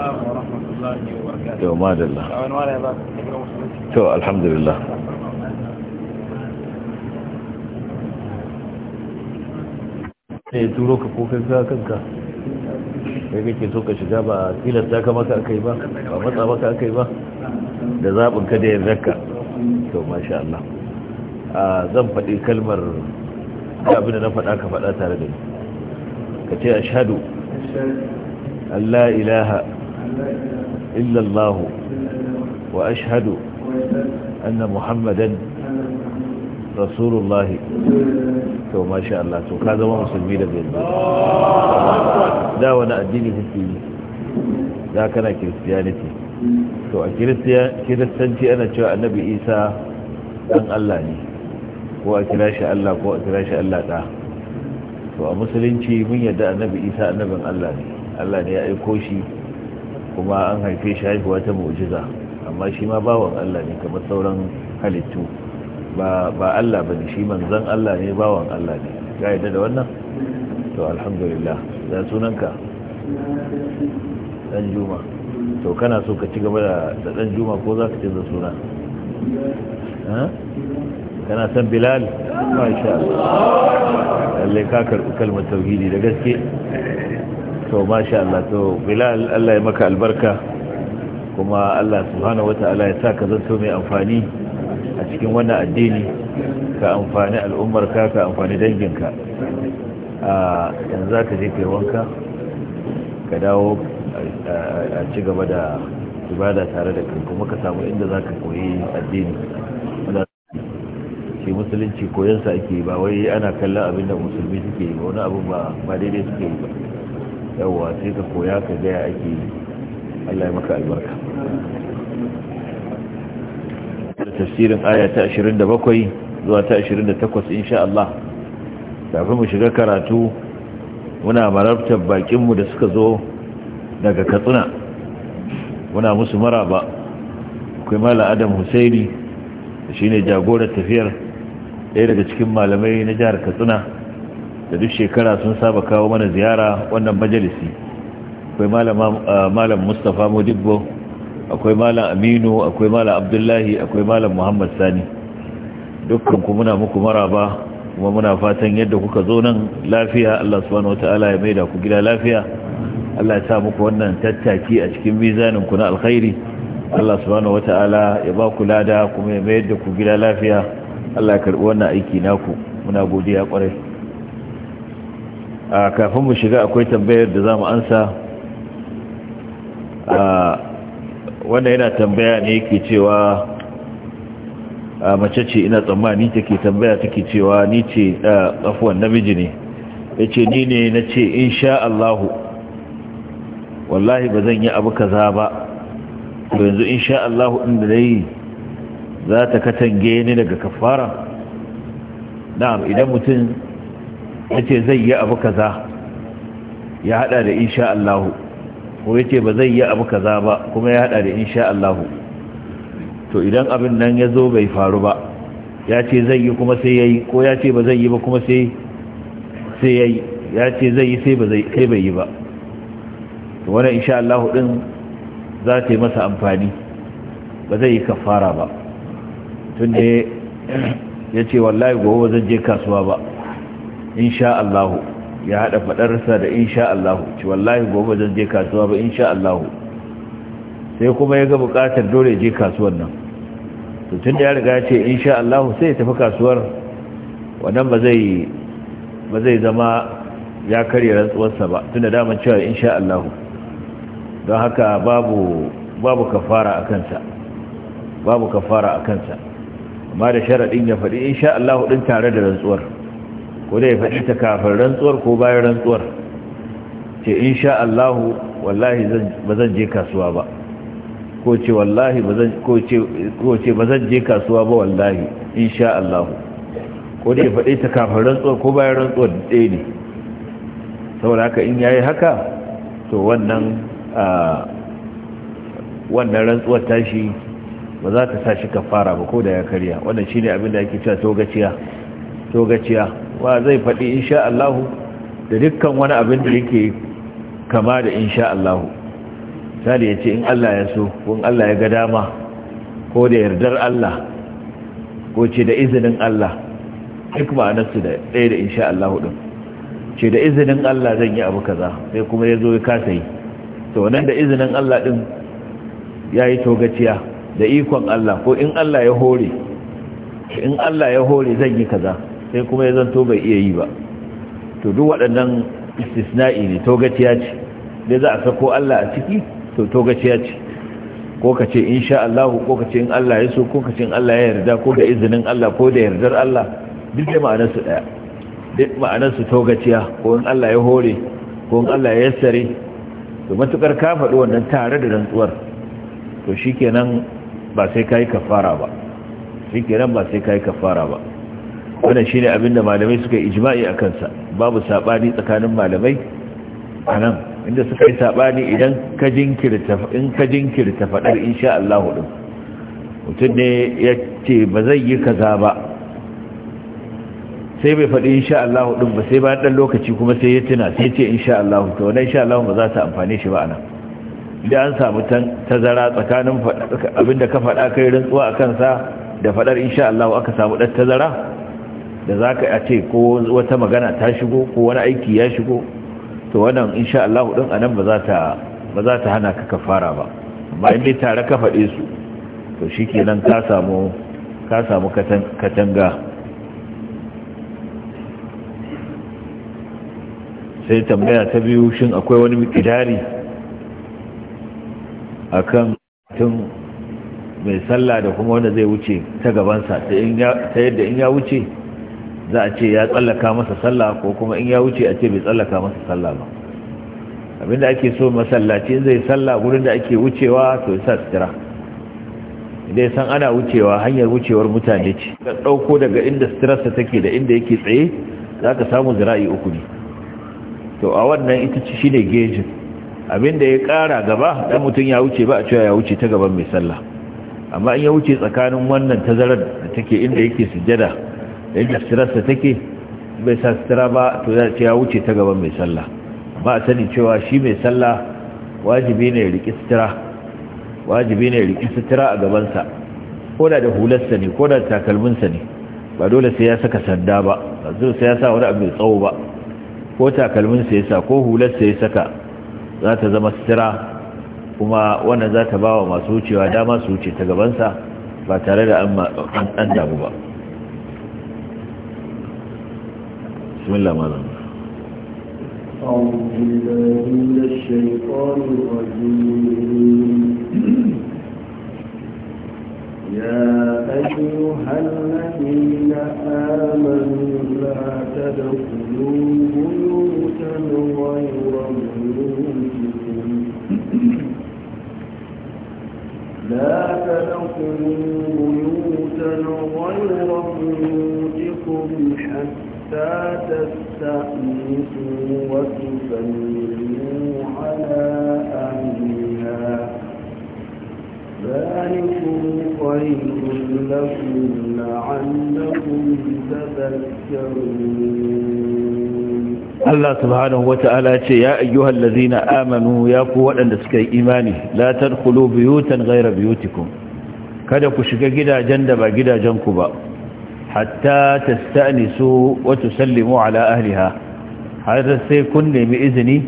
السلام ورحمة الله وبركاته يوم هذا الله الحمد لله ne turo ka ko kai ka kanka kai kake so ka shiga ba tilasta ka maka akai ba ba matsa maka akai ba da zabin ka da yardarka to masha Allah a ah, zan faɗi kalmar abin da na faɗa ka faɗa tare da ni ka ce ashhadu an la ilaha إلا الله وأشهد أن محمدا رسول الله to masha Allah to ka zama musulmi da bai da wani addini kake yi da kana christianity to a kiristanci ana cewa annabi isa dan Allah ne ko a kira Allah ko a kira Allah da to a musulunci mun yarda annabi isa annabin Allah Allah ne ya aiko shi kuma an haife shi haihuwa ta mu'jiza amma shi ma bawan Allah ne kamar sauran halittu ba ba Allah bane shi manzon Allah ne bawan Allah ne ka yadda da wannan to alhamdulillah da sunanka dan juma to kana so ka ci gaba da dan juma ko za ka ce da suna kana san bilal ma sha Allah lalle ka karbi kalmar tauhidi da gaske to masha Allah to bilal Allah ya maka albarka kuma Allah subhanahu wata'ala ya ka zanto mai amfani a cikin wannan addini ka amfani al'ummarka ka amfani danginka a yanzu ka je kai wanka ka dawo a ci gaba da ibada tare da kai kuma ka samu inda za ka koyi addini shi musulunci koyansa ake ba wai ana kallon abin da musulmi suke yi ba wani abin ba daidai suke yi ba yawa sai ka koya ka gaya ake yi Allah ya maka albarka da tafsirin aya ta 27 zuwa ta 28 insha Allah kafin mu shiga karatu muna marabtar bakinmu da suka zo daga katsina muna musu maraba akwai mala adam husaini shine jagorar tafiyar ɗaya daga cikin malamai na jihar katsina da duk shekara sun saba kawo mana ziyara wannan majalisi akwai malam mustapha modibbo akwai malam aminu akwai malam abdullahi akwai malam muhammad sani dukkan ku muna muku maraba kuma muna fatan yadda kuka zo nan lafiya allah subhanahu wataala ya maida ku gida lafiya allah ya sa muku wannan tattaki a cikin mizanin ku na alkhairi allah subhanahu wataala ya ba ku lada kuma ya mayar da ku gida lafiya allah ya karbi wannan aiki naku muna godiya kwarai kafin mu shiga akwai tambayar da za mu ansa wannan yana tambaya ne yake cewa mace ce ina tsammani take tambaya take cewa ni ce tsafuwan namiji ne ya ce ni ne na ce in sha Allahu wallahi ba zan yi abu kaza ba to yanzu in sha Allahu inda da yi za ta katange ni daga kafara na'am idan mutum ya ce zai yi abu kaza ya hada da insha Allahu ko ya ce ba zai yi abu kaza ba kuma ya hada da insha Allahu to idan abin nan ya zo bai faru ba ya ce zai yi kuma sai ya yi ko ya ce ba zai yi ba kuma sai ya yi ya ce zai yi sai bai yi ba to wani insha Allahu din za ta yi masa amfani ba zai yi kafara ba tun da ya ce wallahi gobe zan je kasuwa ba insha Allah ya hada fadarsa da insha Allah ci wallahi gobe zan je kasuwa ba insha Allah sai kuma ya ga bukatar dole je kasuwar nan to tun da ya riga ya ce insha Allah sai ya tafi kasuwar wannan ba zai zama ya karya rantsuwarsa ba tun da daman cewa insha Allah don haka babu babu kafara akan sa babu kafara akan sa amma da sharadin ya faɗi insha Allah din tare da rantsuwar ko da ya faɗi ta kafin rantsuwar ko bayan rantsuwar ce in sha Allahu wallahi ba zan je kasuwa ba ko ce wallahi ko ce ba zan je kasuwa ba wallahi in sha Allahu ko da ya faɗi ta kafin rantsuwar ko bayan rantsuwar ɗaya ne saboda haka in yayi haka to wannan wannan rantsuwar tashi ba za ta sa shi kafara ba ko da ya karya wannan shine ne abinda ake cewa togaciya togaciya wa zai faɗi insha Allah da dukkan wani abin da yake kama da insha Allah sai ya ce in Allah ya so ko in Allah ya ga dama ko da yardar Allah ko ce da izinin Allah duk ma'anarsu da ɗaya da insha Allah ɗin ce da izinin Allah zan yi abu kaza sai kuma ya zo ya kasa yi to nan da izinin Allah ɗin ya yi togaciya da ikon Allah ko in Allah ya hore in Allah ya hore zan yi kaza sai kuma ya zanto bai iya yi ba to duk waɗannan istisna'i ne togaciya ce dai za a sako Allah a ciki to togaciya ce ko ka ce insha Allah ko ka ce in Allah ya so ko ka ce in Allah ya yarda ko da izinin Allah ko da yardar Allah duk da ma'anarsu daya duk ma'anarsu togaciya ko in Allah ya hore ko in Allah ya yassare to matukar ka faɗi wannan tare da rantsuwar to shikenan ba sai kai kafara ba shikenan ba sai kai kafara ba wannan shine abin da malamai suka yi ijma'i a kansa babu sabani tsakanin malamai a nan inda suka yi sabani idan ka jinkirta in ka jinkirta fadar insha Allah din mutum ne ya ce ba zai yi kaza ba sai bai faɗi insha Allah din ba sai ba dan lokaci kuma sai ya tuna sai ce insha Allah to wannan insha Allah ba za ta amfane shi ba anan idan an samu tazara tsakanin abinda ka fada kai rantsuwa a kansa da faɗar insha Allah aka samu dan tazara da za ka ce ko wata magana ta shigo ko wani aiki ya shigo to wannan insha Allah hudun anan ba ta ba za ta hana ka fara ba amma in tare ka faɗe su to shi ke nan ka samu katanga sai tambaya ta biyu shin akwai wani mikidari akan tun mai sallah da kuma wanda zai wuce ta gabansa ta yadda in ya wuce za a ce ya tsallaka masa sallah ko kuma in ya wuce a ce bai tsallaka masa sallah ba abinda ake so masallaci zai sallah gurin da ake wucewa to ya sa sutura idan san ana wucewa hanyar wucewar mutane ce ka ɗauko daga inda suturarsa take da inda yake tsaye za ka samu zira'i uku ne to a wannan ita ci shine gejin abinda ya ƙara gaba dan mutum ya wuce ba a cewa ya wuce ta gaban mai sallah amma in ya wuce tsakanin wannan tazarar da take inda yake sujada. yadda sitararsa take bai sa sutura ba to za ce ya wuce ta gaban mai sallah ba a sani cewa shi mai sallah wajibi ne ya sutura wajibi riƙi sutura a gabansa ko da da hularsa ne ko da takalminsa ne ba dole sai ya saka sanda ba ba zuwa sai ya sa wani abu mai tsawo ba ko takalminsa ya sa ko hularsa ya saka za ta zama sutura kuma wannan za ta ba wa masu wucewa dama su wuce ta gabansa ba tare da an damu ba بسم الله ماذا أعوذ بالله من الشيطان الرجيم يا أيها الذين آمنوا لا تدخلوا بيوتا غير بيوتكم لا تدخلوا بيوتا غير بيوتكم حتى تستأنسوا وتسلموا على أهلها ذلكم خير لكم لعلكم تذكرون Allah subhanahu wa ta'ala ce ya ayyuhal lazina amanu ya ku waɗanda suka yi imani la tadkhulu buyutan ghayra buyutikum kada ku shiga gidajen da ba gidajenku ba hatta tasta'nisu wata sallimu ala ahliha har sai kun nemi izini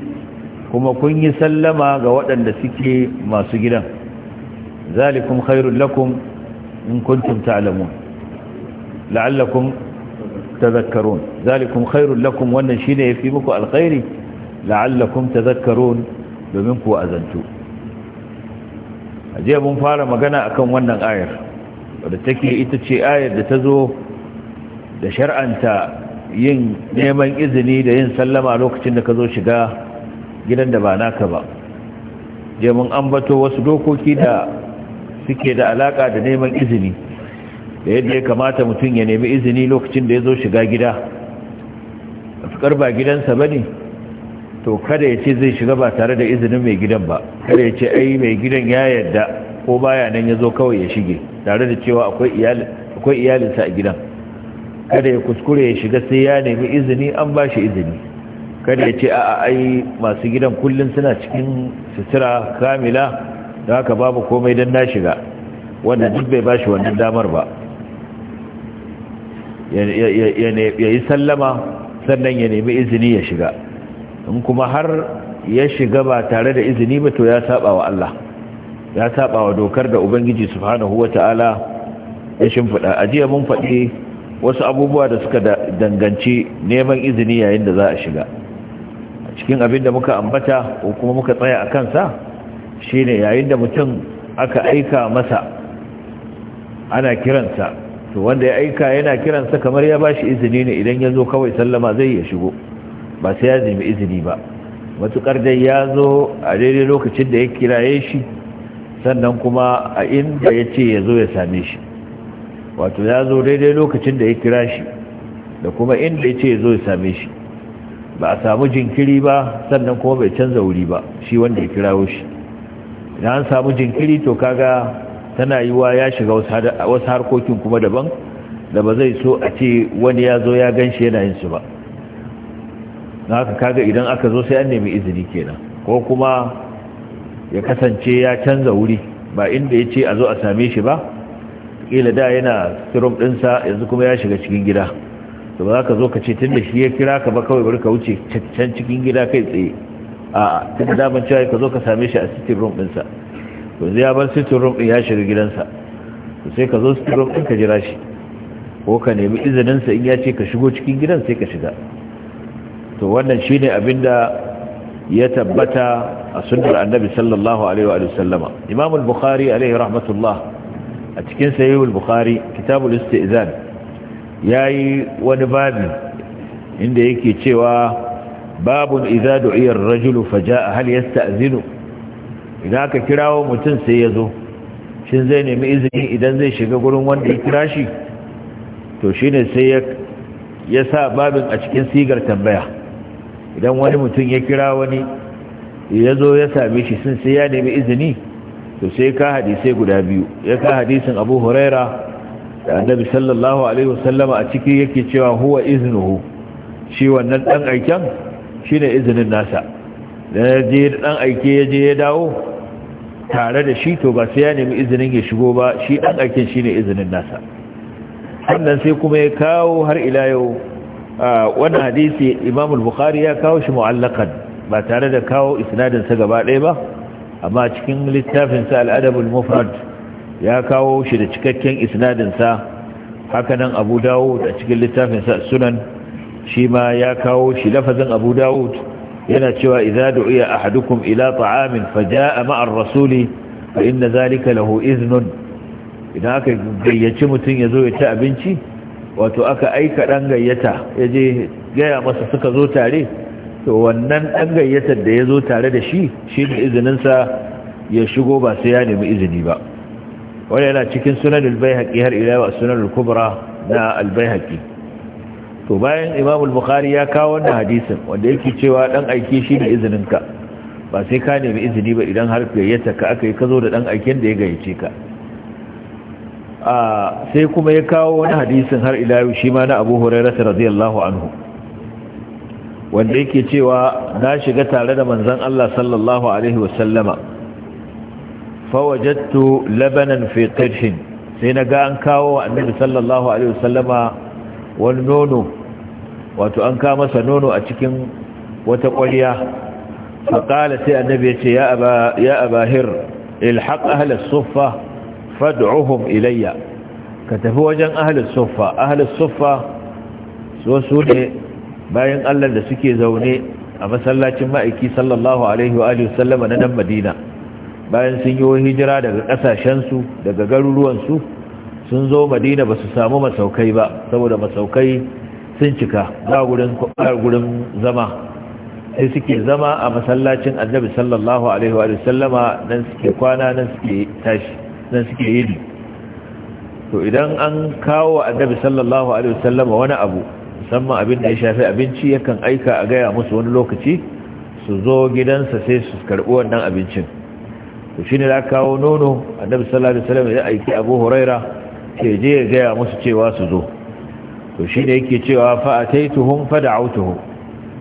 kuma kun yi sallama ga waɗanda suke masu gidan zalikum khairul lakum in kuntum ta'lamun la'allakum tadhakkarun zalikum khairul lakum wannan shine yafi muku alkhairi la'allakum tadhakkarun domin ku azantu aje mun fara magana a kan wannan ayar wadda ita ce ayar da ta zo da shar'anta yin neman izini da yin sallama lokacin da ka zo shiga gidan da ba naka ba je mun ambato wasu dokoki da suke da alaka da neman izini da yadda ya kamata mutum ya nemi izini lokacin da ya zo shiga gida a fukar ba gidansa ba ne to kada ya ce zai shiga ba tare da izinin mai gidan ba kada ya ce ai mai gidan ya yarda ko baya nan ya zo kawai ya shige tare da cewa akwai iyalinsa a gidan kada ya kuskure ya shiga sai ya nemi izini an ba shi izini kada ya ce a ai masu gidan kullum suna cikin sutura kamila da haka babu komai don na shiga wanda duk bai bashi wannan damar ba ya yi sallama sannan ya nemi izini ya shiga in kuma har ya shiga ba tare da izini ba to ya saba wa Allah ya saba wa dokar da Ubangiji subhanahu wata'ala ya shimfiɗa ajiya mun faɗi wasu abubuwa da suka danganci neman izini yayin da za a shiga cikin abin da muka ambata ko kuma muka tsaya a kansa Shi ne yayin da mutum aka aika masa ana kiransa to wanda ya aika yana kiransa kamar ya bashi izini ne idan ya zo kawai sallama zai ya shigo ba sai ya zimi izini ba matuƙar dai ya zo a daidai lokacin da ya kiraye shi sannan kuma a inda ya ce ya zo ya same shi wato ya zo daidai lokacin da ya kira shi da kuma inda ya ce ya zo ya same shi ba a samu jinkiri ba sannan kuma bai canza wuri ba shi wanda ya kirawo shi da an samu jinkiri to kaga tana wa ya shiga wasu harkokin kuma daban da ba zai so a ce wani ya zo ya gan shi yana yin su ba na haka kaga idan aka zo sai an nemi izini kenan ko kuma ya kasance ya canza wuri ba inda ya ce a zo a same shi ba ƙila da yana sirom ɗinsa yanzu kuma ya shiga cikin gida to ba za ka zo ka ce tun da shi ya kira ka ba kawai bari ka wuce can cikin gida kai tsaye a tun da daman cewa ka zo ka same shi a sitin room ɗinsa to ya bar sitin room ɗin ya shiga gidansa to sai ka zo sitin room ɗin ka jira shi ko ka nemi izininsa in ya ce ka shigo cikin gidan sai ka shiga to wannan shi ne abinda ya tabbata a sunnar annabi sallallahu alaihi wa sallama imam al-bukhari alaihi rahmatullah a cikin sahih al-bukhari kitabul istizan yayi wani babi inda yake cewa babun idza du'iya ar-rajulu a hal yasta'zinu idan aka kirawo mutum sai ya zo shin zai nemi izini idan zai shiga gurin wanda ya kira shi to shi ne sai ya sa babin a cikin sigar tambaya idan wani mutum ya kira wani ya zo ya same shi sun sai ya nemi izini to sai ka hadisai guda biyu ya ka hadisin abu huraira da annabi sallallahu alaihi wasallama a ciki yake cewa huwa iznuhu shi wannan dan aiken shine izinin nasa da je dan aike ya je ya dawo tare da shi to ba sai ya nemi izinin ya shigo ba shi dan aikin shine izinin nasa sannan sai kuma ya kawo har ila yau wannan hadisi Imam al-Bukhari ya kawo shi mu'allakan ba tare da kawo isnadinsa gaba ɗaya ba amma cikin littafin sa al mufrad ya kawo shi da cikakken isnadinsa. sa haka nan Abu Dawud a cikin littafinsa Sunan shi ma ya kawo shi lafazin abu dawud yana cewa idza du'iya ahadukum ila ta'amin faja'a ma'a rasuli fa inna zalika lahu iznun idan aka gayyaci mutum ya zo ya ci abinci wato aka aika dan gayyata ya je gaya masa suka zo tare to wannan dan gayyatar da ya zo tare da shi shi da sa ya shigo ba sai ya nemi izini ba wani yana cikin sunan al har ila sunan al-kubra na al to bayan imam bukhari ya kawo wannan hadisin wanda yake cewa dan aike shi da izinin ka ba sai ka nemi izini ba idan har gayyata ka aka yi ka zo da dan aiken da ya gayyace ka sai kuma ya kawo wani hadisin har ila yau shi ma na Abu Hurairah radiyallahu anhu wanda yake cewa na shiga tare da manzon Allah sallallahu alaihi wasallama fa labanan fi sai na ga an kawo annabi sallallahu alaihi wasallama wani nono wato an ka masa nono a cikin wata ƙwariya faƙala sai annabi ya ce ya abahir ilhaq ahalar suffa fad'uhum ilayya ka tafi wajen ahalar suffa ahalar suffa so su ne bayan allah da suke zaune a masallacin ma'aiki sallallahu alaihi wa sallama na nan madina bayan sun yi hijira daga ƙasashensu daga garuruwansu sun zo madina ba su samu masaukai ba saboda masaukai sun cika ba gurin zama sai suke zama a masallacin annabi sallallahu alaihi wa sallama nan suke kwana nan suke tashi nan suke yi to idan an kawo annabi sallallahu alaihi wa sallama wani abu musamman abin da ya shafi abinci yakan aika a gaya musu wani lokaci su zo gidansa sai su karɓi wannan abincin to shine da kawo nono annabi sallallahu alaihi wa sallama ya aiki Abu Huraira ke je ya gaya musu cewa su zo to shi ne yake cewa fa fa'ataituhum fada'autuhum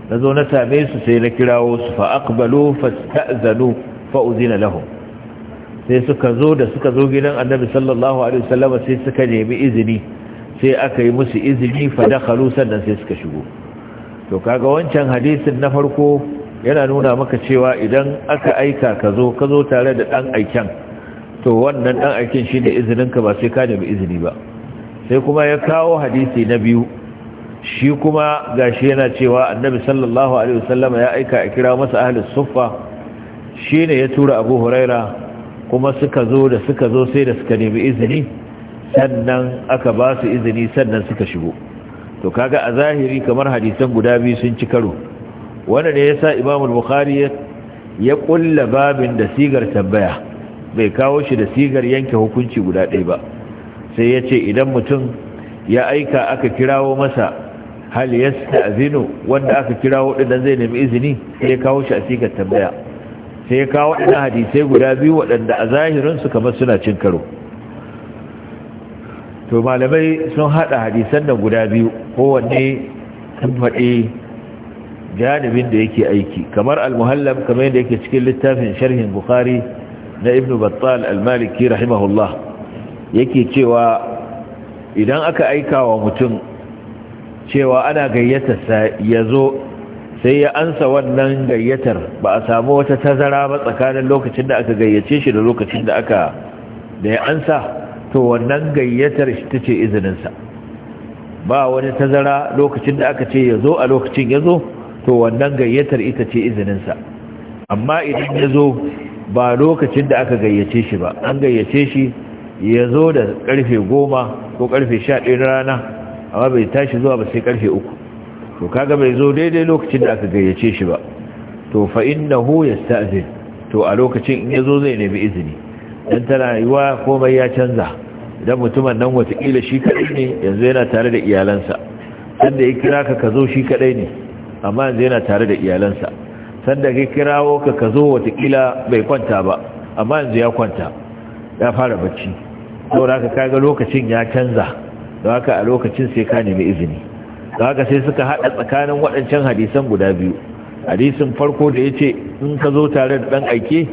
na zo na same su sai na kirawo su fa'aqbalu fasta'zanu fa'uzina lahum sai suka zo da suka zo gidan annabi sallallahu alaihi wasallam sai suka nemi izini sai aka yi musu izini fa dakhalu sannan sai suka shigo to kaga wancan hadisin na farko yana nuna maka cewa idan aka aika ka zo ka zo tare da ɗan aikan to wannan dan aikin shi da izininka ba sai ka nemi izini ba sai kuma ya kawo hadisi na biyu shi kuma gashi yana cewa annabi sallallahu alaihi wasallama ya aika a kira masa ahli suffa shine ya tura abu huraira kuma suka zo da suka zo sai da suka nemi izini sannan aka ba su izini sannan suka shigo to kaga a zahiri kamar hadisan guda biyu sun ci karo wanda ne yasa imamu bukhari ya kulla babin da sigar tambaya bai kawo shi da sigar yanke hukunci guda ɗaya ba sai ya ce idan mutum ya aika aka kirawo masa hal yasta azinu wanda aka kirawo ɗin zai nemi izini sai ya kawo shi a sigar tambaya sai ya kawo ɗin hadisai guda biyu waɗanda a zahirinsu kamar suna cin karo to malamai sun haɗa hadisan nan guda biyu kowanne sun faɗi janibin da yake aiki kamar al-muhallam kamar yadda yake cikin littafin sharhin bukhari na ibn battal al-maliki rahimahullah yake cewa idan aka aika wa mutum cewa ana gayyatarsa ya zo sai ya ansa wannan gayyatar ba a samu wata tazara ba tsakanin lokacin da aka gayyace shi da lokacin da aka da ya ansa to wannan gayyatar shi ta ce izininsa ba wani tazara lokacin da aka ce ya zo a lokacin ya zo to wannan gayyatar ita ce izininsa amma idan ya zo ba lokacin da aka gayyace shi ba an gayyace shi ya zo da karfe goma ko karfe sha ɗaya na rana amma bai tashi zuwa ba sai karfe uku to kaga bai zo daidai lokacin da aka gayyace shi ba to fa innahu yasta'zin to a lokacin in ya zo zai nemi izini dan tana yiwa komai ya canza idan mutumin nan watakila shi kadai ne yanzu yana tare da iyalansa sanda ya kira ka ka zo shi kadai ne amma yanzu yana tare da iyalansa sanda ka kirawo ka ka zo watakila bai kwanta ba amma yanzu ya kwanta ya fara bacci saboda ka ga lokacin ya canza don haka a lokacin sai ka nemi izini don haka sai suka haɗa tsakanin waɗancan hadisan guda biyu hadisin farko da ya ce in ka zo tare da ɗan aike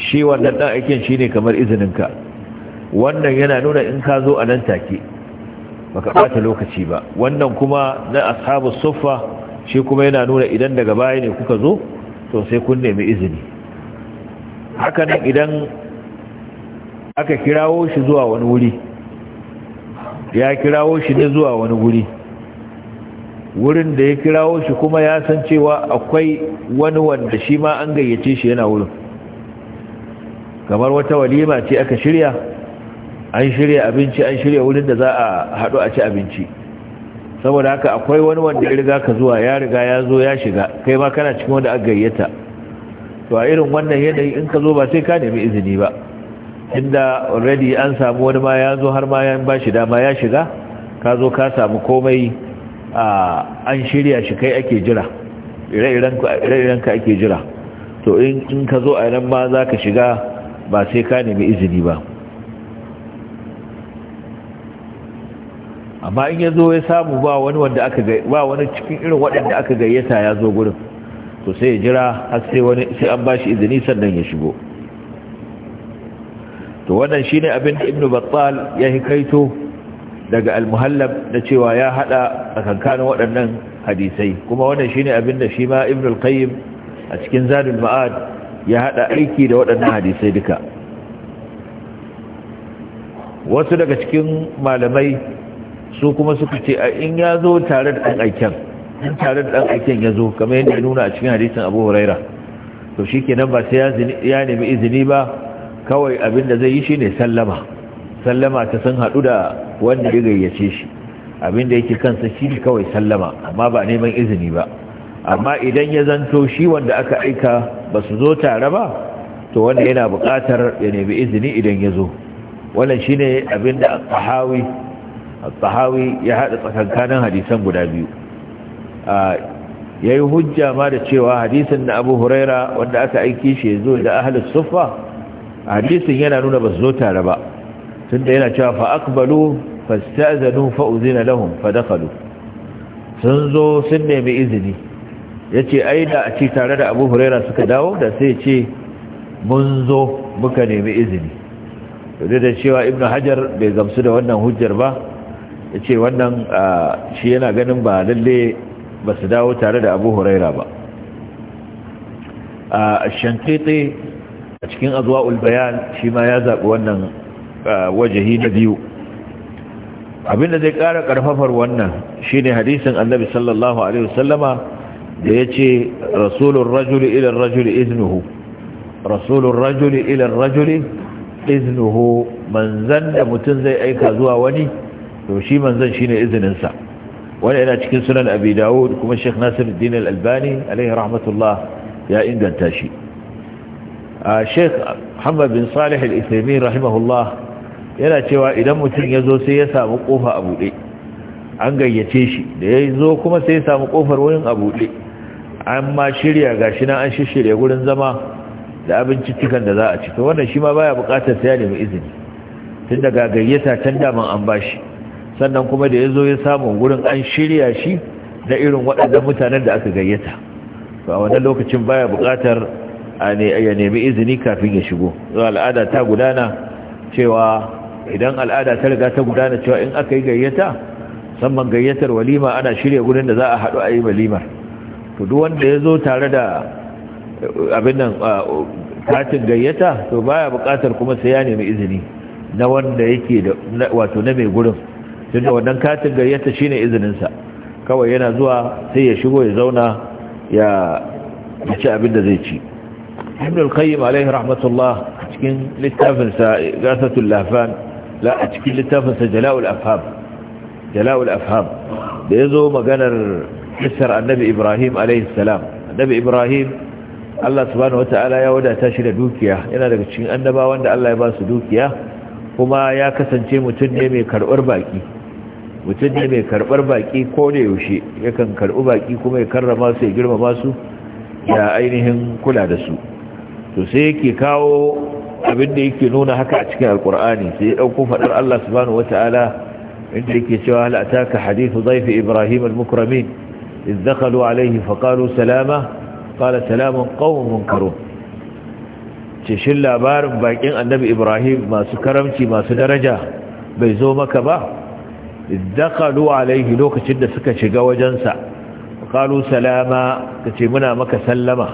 shi wannan ɗan aiken shine ne kamar izininka wannan yana nuna in ka zo a nan take baka ɓata lokaci ba wannan kuma na ashabu suffa shi kuma yana nuna idan daga baya ne kuka zo to sai kun nemi izini hakanan idan aka kirawo shi zuwa wani wuri ya kirawo shi ne zuwa wani wuri wurin da ya kirawo shi kuma ya san cewa akwai wani wanda shi ma an gayyace shi yana wurin kamar wata walima ce aka shirya an shirya abinci an shirya wurin da za a haɗu a ci abinci saboda haka akwai wani wanda ya riga ka zuwa ya riga ya zo ya shiga kai ma kana cikin wanda aka gayyata to a irin wannan yanayi in ka zo ba sai ka nemi izini ba inda already an samu wani ma ya zo har ma ya ba shi dama ya shiga ka zo ka samu komai a an shirya shi kai ake jira ire-iren ka ake jira to in ka zo a nan ma za ka shiga ba sai ka nemi izini ba amma in ya zo ya samu ba wani wanda aka ga ba wani cikin irin waɗanda aka gayyata ya zo gurin to sai ya jira har sai wani sai an bashi izini sannan ya shigo to wannan shine abin da Ibn Battal ya hikaito daga Al-Muhallab da cewa ya hada tsakankanin waɗannan hadisai kuma wannan shine abin da shi ma Ibn Al-Qayyim a cikin Zadul Ma'ad ya hada aiki da waɗannan hadisai duka wasu daga cikin malamai su kuma suka ce in ya zo tare da ɗan aiken in tare da ɗan aiken ya zo kamar yadda ya nuna a cikin hadisin abu huraira to shi kenan ba sai ya nemi izini ba kawai abin da zai yi shi ne sallama sallama ta sun haɗu da wanda ya gayyace shi abin da yake kansa shi ne kawai sallama amma ba neman izini ba amma idan ya zanto shi wanda aka aika ba su zo tare ba to wanda yana buƙatar ya nemi izini idan ya zo wannan ne abin da hawi al ya haɗa tsakankanin hadisan guda biyu yayi hujja ma da cewa hadisin na Abu Huraira wanda aka aiki shi ya zo da ahli sufa. hadisin yana nuna ba su zo tare ba tunda yana cewa fa aqbalu fasta'zanu fa uzina lahum fa dakhalu sun zo sun nemi izini yace ai da a ci tare da Abu Huraira suka dawo da sai ce mun zo muka nemi izini da da cewa Ibn Hajar bai gamsu da wannan hujjar ba ya ce wannan shi yana ganin ba lalle ba su dawo tare da abu huraira ba a shankete a cikin azuwa bayan shi ma ya zaɓi wannan wajahi na biyu abinda zai ƙara ƙarfafar wannan shi ne hadisin annabi sallallahu alaihi wasallama da ya ce rasulun rajuli ilan rajuli iznuhu rasulun rajuli ilan rajuli iznuhu manzan da mutum zai aika zuwa wani to shi manzon shine izinin sa wanda yana cikin sunan abi dawud kuma sheikh nasiruddin al-albani alaihi rahmatullah ya inganta shi sheikh muhammad bin salih al-ithaymi rahimahullah yana cewa idan mutum ya zo sai ya samu kofa a buɗe an gayyace shi da ya zo kuma sai ya samu kofar wurin a buɗe an ma shirya gashi nan an shirya gurin zama da abinciccikan da za a ci to wannan shi ma baya buƙatar sai ya nemi izini tun daga gayyata can man an bashi sannan kuma da ya zo ya samu wurin an shirya shi na irin waɗannan mutanen da aka gayyata to a wannan lokacin baya buƙatar ya nemi izini kafin ya shigo zuwa al'ada ta gudana cewa idan al'ada ta riga ta gudana cewa in aka yi gayyata musamman gayyatar walima ana shirya gurin da za a haɗu a yi walimar to duk wanda ya zo tare da eh, abin nan katin gayyata to baya buƙatar kuma sai ya nemi izini na wanda yake da wato na mai gurin tun wannan katin gayyata shine izininsa kawai yana zuwa sai ya shigo ya zauna ya ci abin da zai ci ibn al-qayyim alaihi rahmatullah cikin littafin sa gasatul lafan la a cikin littafin sa jala'ul afham jala'ul afham da yazo maganar kisar annabi ibrahim alaihi salam annabi ibrahim Allah subhanahu wata'ala ya wadata shi da dukiya yana daga cikin annabawan da Allah ya ba su dukiya kuma ya kasance mutum ne mai karɓar baki mutum ne mai karɓar baƙi ko da yaushe yakan karɓi baƙi kuma ya karrama su ya girmama su ya ainihin kula da su to sai yake kawo abin da yake nuna haka a cikin alkur'ani sai ya ɗauko faɗar Allah subhanahu wata'ala inda yake cewa hal ataka hadithu dhayfi ibrahim al-mukramin idh dakhalu alayhi fa qalu salama qala salamun qawmun munkarun ce shin labarin baƙin annabi ibrahim masu karamci masu daraja bai zo maka ba dakalu alaihi lokacin da suka shiga wajensa qalu salama ce muna maka sallama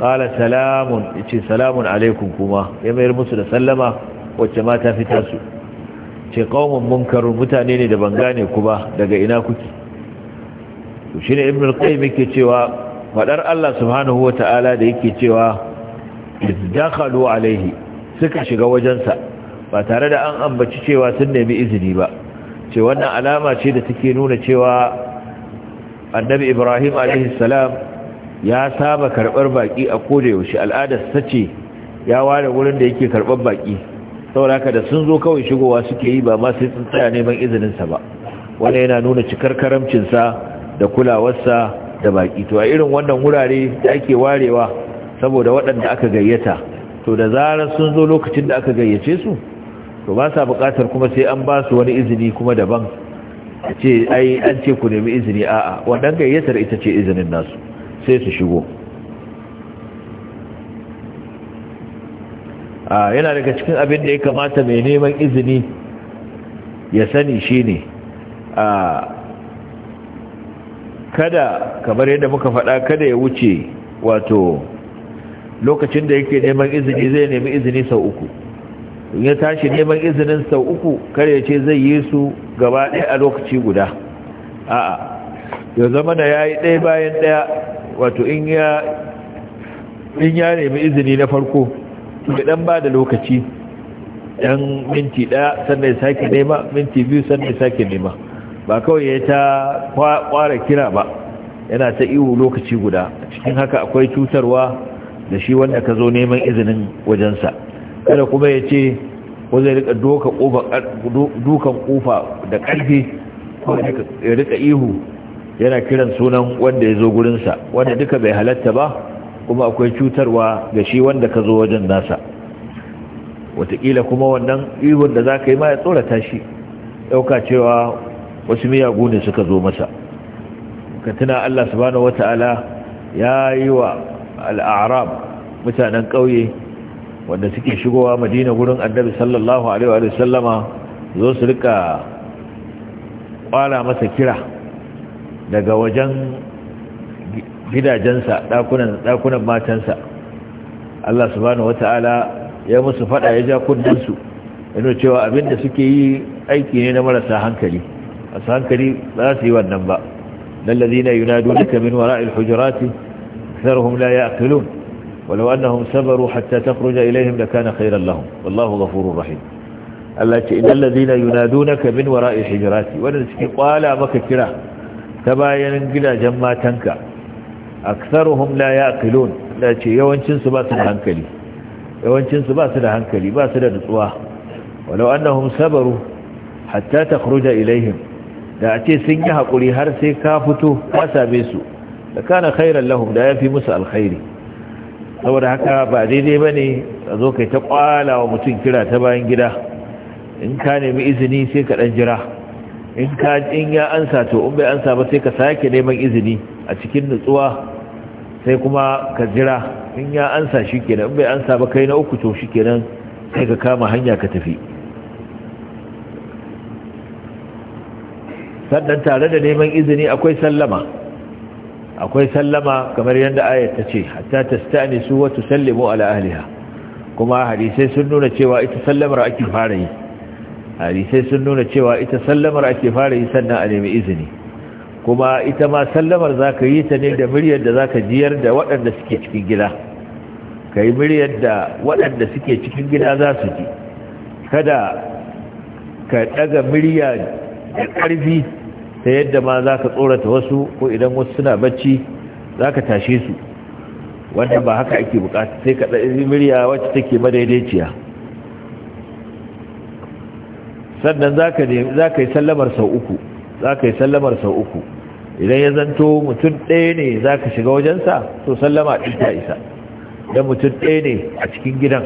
qala salamun salamun alaikum kuma ya mayar musu da sallama wacce mata fitar fita su ce qaumun munkarun mutane ne da ban gane ku ba daga ina kuke to shine ibn al-qayyim yake cewa fadar Allah subhanahu wata'ala da yake cewa dakalu alaihi suka shiga wajensa ba tare da an ambaci cewa sun nemi izini ba ce wannan alama ce da take nuna cewa annabi ibrahim salam ya saba karɓar baƙi a kodayaushe al'adar ce ya ware wurin da yake karbar baki saboda haka da sun zo kawai shigowa suke yi ba ma sai sun tsaya neman izininsa ba wannan yana nuna cikar karamcinsa da kulawarsa da baƙi to a irin wannan wurare da ake warewa saboda waɗanda aka gayyata to da zarar sun zo lokacin da aka gayyace su to ba sa buƙatar kuma sai an ba su wani izini kuma daban a ce ai an ce ku nemi izini a'a wannan gayyatar ita ce izinin nasu sai su shigo a yana daga cikin abin da ya kamata mai neman izini ya sani shine a kada kamar yadda muka faɗa kada ya wuce wato lokacin da yake neman izini zai nemi izini sau uku ya tashi neman izinin sau uku kare ce zai yi su gaba ɗaya a lokaci guda a'a ya zama da ya yi ɗaya bayan ɗaya wato in ya nemi izini na farko ya ɗan ba da lokaci ɗan minti ɗaya sannan sake nema minti biyu sannan sake nema ba kawai ya ta ƙwara kira ba yana ta iwu lokaci guda cikin haka akwai cutarwa da shi wanda ka zo neman izinin wajensa kada kuma ya ce ko zai rika dukan kofa da ƙarfi ko ya rika ihu yana kiran sunan wanda ya zo gurinsa wanda duka bai halatta ba kuma akwai cutarwa ga shi wanda ka zo wajen nasa watakila kuma wannan ihun da za ka yi ma ya tsorata shi ɗauka cewa wasu miyagu ne suka zo masa ka tuna allah subhanahu wata'ala ya yi wa al'arab mutanen ƙauye wanda suke shigowa madina gurin annabi sallallahu alaihi wa sallama zo su rika kwara masa kira daga wajen gidajensa dakunan dakunan matansa Allah subhanahu wata'ala ya musu fada ya ja kunnansu yana cewa abinda suke yi aiki ne na marasa hankali masu hankali ba su yi wannan ba lallazina yunadunaka min wara'il hujurati aktharuhum la ya'qilun ولو أنهم سبروا حتى تخرج إليهم لكان خيرا لهم والله غفور رحيم التي إن الذين ينادونك من وراء حجرات ونسكي قال مككرة تباين قلا جماتنك أكثرهم لا يأقلون التي يوانشن سباسنا هنكلي يوانشن سباسنا هنكلي باسنا نطواه ولو أنهم سبروا حتى تخرج إليهم da a ce sun yi haƙuri har sai ka fito ka same su da kana khairan lahum da ya fi musu alkhairi saboda haka ba daidai ba ne a zo kai ta kwala wa mutum kira ta bayan gida in ka nemi izini sai ka ɗan jira in ka in ya ansa to in bai ansa ba sai ka sake neman izini a cikin nutsuwa sai kuma ka jira in ya ansa shi kenan in bai ansa ba kai na uku to shi kenan sai ka kama hanya ka tafi sannan tare da neman izini akwai sallama akwai sallama kamar yadda ayat ta ce hatta tasta'nisu wa tusallimu ala ahliha kuma hadisai sun nuna cewa ita sallamar ake fara yi hadisai sun nuna cewa ita sallamar ake fara yi sannan a nemi izini kuma ita ma sallamar zaka yi ta ne da muryar da zaka jiyar da waɗanda suke cikin gida kai muryar da waɗanda suke cikin gida za su ji kada ka ɗaga murya da ƙarfi ta yadda ma za ka tsorata wasu ko idan wasu suna bacci za ka tashe su wanda ba haka ake bukata sai ka ɗaɗi murya wacce take madaidaiciya sannan za ka yi sallamar sau uku za ka yi sallamar sau uku idan ya zanto mutum ɗaya ne za ka shiga wajensa to sallama ɗin ta isa idan mutum ɗaya ne a cikin gidan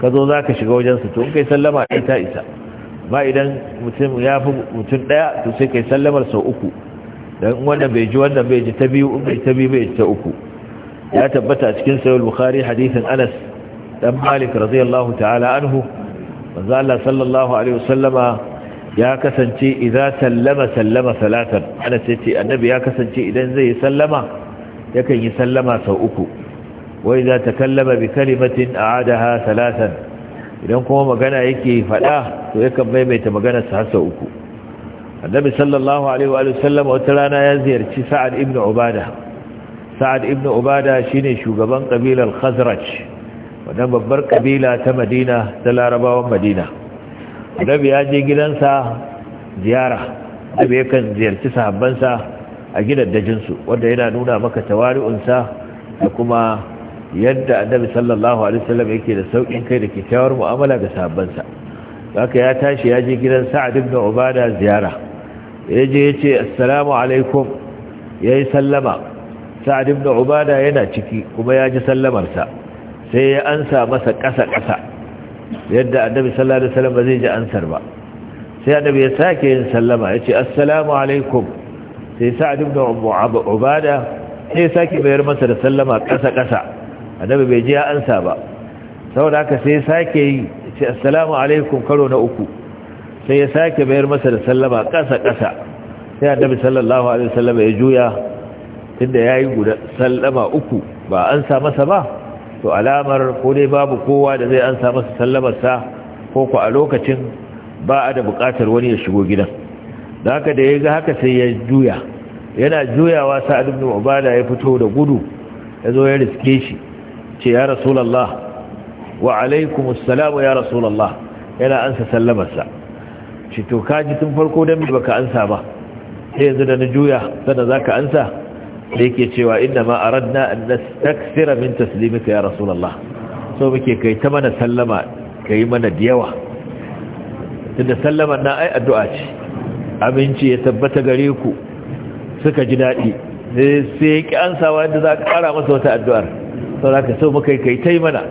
ka zo za ka shiga wajensa to in ka yi sallama ɗin ta isa ma idan mutum ya fi mutum ɗaya to sai kai sallamar sau uku don wannan bai ji wannan bai ji ta biyu in bai ta biyu bai ta uku ya tabbata a cikin sayar bukari hadisin anas dan malik radiyallahu ta'ala anhu manzo Allah sallallahu alaihi wasallama ya kasance idan sallama sallama salatan anas yace annabi ya kasance idan zai yi sallama yakan yi sallama sau uku wa idza takallama bi kalimatin a'adaha salatan idan kuma magana yake faɗa to yakan maimaita magana sa hasa uku annabi sallallahu alaihi wa sallam wata rana ya ziyarci sa'ad ibn ubada sa'ad ibn ubada shine shugaban kabilar khazraj wannan babbar kabila ta madina ta larabawan madina annabi ya je gidansa ziyara annabi yakan ziyarci sahabbansa a gidan dajinsu wanda yana nuna maka tawari'unsa da kuma yadda annabi sallallahu alaihi wasallam yake da saukin kai da kyakkyawar mu'amala ga sahabbansa haka ya tashi ya je gidan Sa'ad ibn Ubada ziyara ya je ya ce assalamu alaikum yayi sallama Sa'ad ibn Ubada yana ciki kuma ya ji sallamar sa sai ya ansa masa kasa kasa yadda annabi sallallahu alaihi wasallam ba zai ji ansar ba sai annabi ya sake yin sallama ya ce assalamu alaikum sai Sa'ad ibn Ubada sai sake bayar masa da sallama kasa kasa annabi bai ji ya ansa ba saboda haka sai ya sake yi ce assalamu alaikum karo na uku sai ya sake bayar masa da sallama ƙasa ƙasa sai annabi sallallahu alaihi wasallam ya juya tunda yayi guda sallama uku ba ansa masa ba to alamar ko dai babu kowa da zai ansa masa sallamar sa ko ku a lokacin ba a da buƙatar wani ya shigo gidan da haka da ya ga haka sai ya juya yana juyawa sa'ad ibn ubada ya fito da gudu ya zo ya riske shi ce ya rasulallah wa alaikum assalamu ya rasulallah yana ansa sallamarsa ce to kaji tun farko don baka ansa ba sai yanzu da na juya sana za ka ansa da yake cewa inda ma a radna an nastaksira min taslimika ya rasulallah so muke kai ta mana sallama ka yi mana da yawa tunda sallama na ai addu'a ce aminci ya tabbata gare ku suka ji daɗi sai ya ƙi ansawa yadda za ka ƙara masa wata addu'ar sauraka sau muka kai ta mana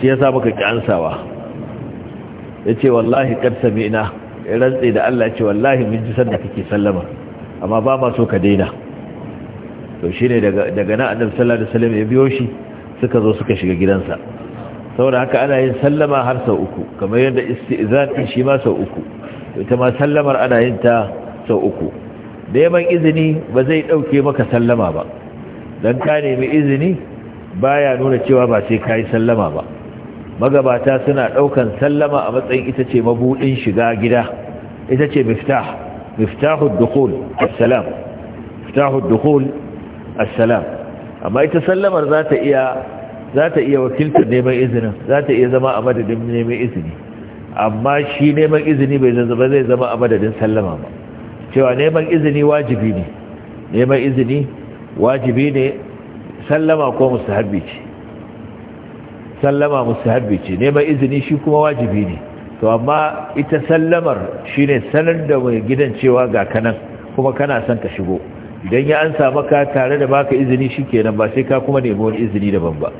shi ya sa muka ƙyansawa ya ce wallahi ƙarsa ina ya rantse da Allah ce wallahi min ji sanda kake sallama amma ba ma so ka daina to shi ne daga na annabi sallallahu alaihi wasallam ya biyo shi suka zo suka shiga gidansa saboda haka ana yin sallama har sau uku kamar yadda istizan din shi ma sau uku ita ma sallamar ana yin ta sau uku neman izini ba zai dauke maka sallama ba dan ka nemi izini baya nuna cewa ba sai kai sallama ba magabata suna daukan sallama a matsayin ita ce mabudin shiga gida ita ce miftah miftahud dukhul assalam miftahud dukhul assalam amma ita sallamar za ta iya za ta iya wakiltar neman izinin za ta iya zama a madadin neman izini amma shi neman izini bai zama zai zama a madadin sallama ba cewa neman izini wajibi ne neman izini wajibi ne sallama ko mustahabbi ce sallama mustahabbi ce neman izini shi kuma wajibi ne to amma ita sallamar shine sanar da mai gidan cewa ga kanan kuma kana son ka shigo idan ya ansa maka tare da baka izini shikenan ba sai ka kuma nemi wani izini daban ba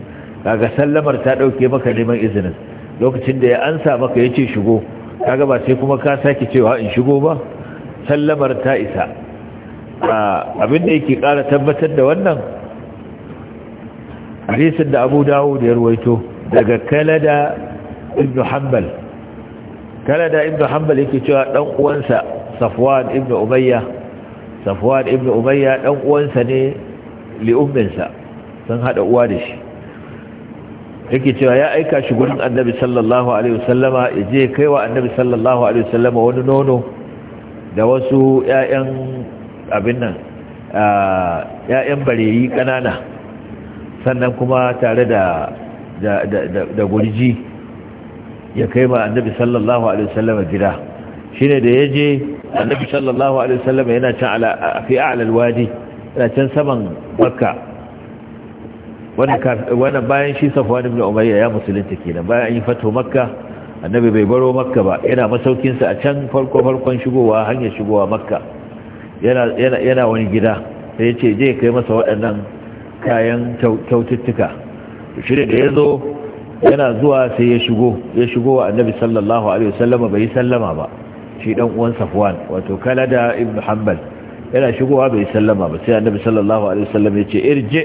kaga sallamar ta dauke maka neman izinin lokacin da ya ansa maka yace shigo kaga ba sai kuma ka saki cewa in shigo ba sallamar ta isa ah, abin da yake kara tabbatar da wannan hadisin da abu dawud ya ruwaito daga kalada ibn hanbal kalada ibn hanbal yake cewa dan uwansa safwan ibn umayya safwan ibn umayya dan ne li umminsa sun hada uwa da shi yake cewa ya aika shi gurin annabi sallallahu alaihi wasallama ya je kaiwa annabi sallallahu wani nono da wasu ƴaƴan abin nan bareyi kanana sannan kuma tare da da gurji ya kai ma annabi sallallahu alaihi wasallam gida shine da yaje annabi sallallahu alaihi wasallam yana can ala fi a'la alwadi yana can saman makka wannan bayan shi safwan ibn umayya ya musulunta kenan bayan an yi fatu makka annabi bai baro makka ba yana masaukin sa a can farko farkon shigowa hanyar shigowa makka yana yana wani gida sai ya je kai masa waɗannan kayan kyaututtuka shi da ya zo yana zuwa sai ya shigo ya shigo wa annabi sallallahu alaihi wasallama bai sallama ba shi dan uwan safwan wato kalada ibn hanbal yana shigowa bai sallama ba sai annabi sallallahu alaihi wasallam ya ce irje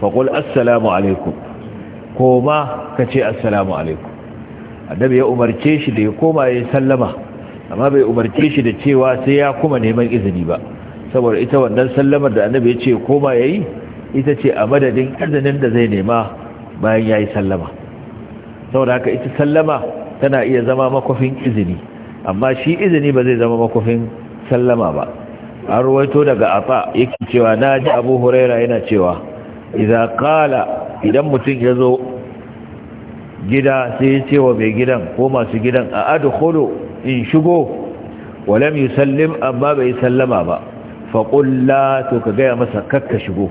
fa qul assalamu alaikum koma ka ce assalamu alaikum annabi ya umarce shi da ya koma ya sallama amma bai umarce shi da cewa sai ya kuma neman izini ba saboda ita wannan sallamar da annabi ya ce koma yayi ita ce a madadin izinin da zai nema bayan ya yi sallama saboda haka ita sallama tana iya zama makofin izini amma shi izini ba zai zama makofin sallama ba an ruwaito daga afa yake cewa na ji abu huraira yana cewa idan kala idan mutum ya zo gida sai ya ce wa mai gidan ko masu gidan a adkhulu in shigo walam yusallim amma bai sallama ba faƙulla to ka gaya masa kakka shigo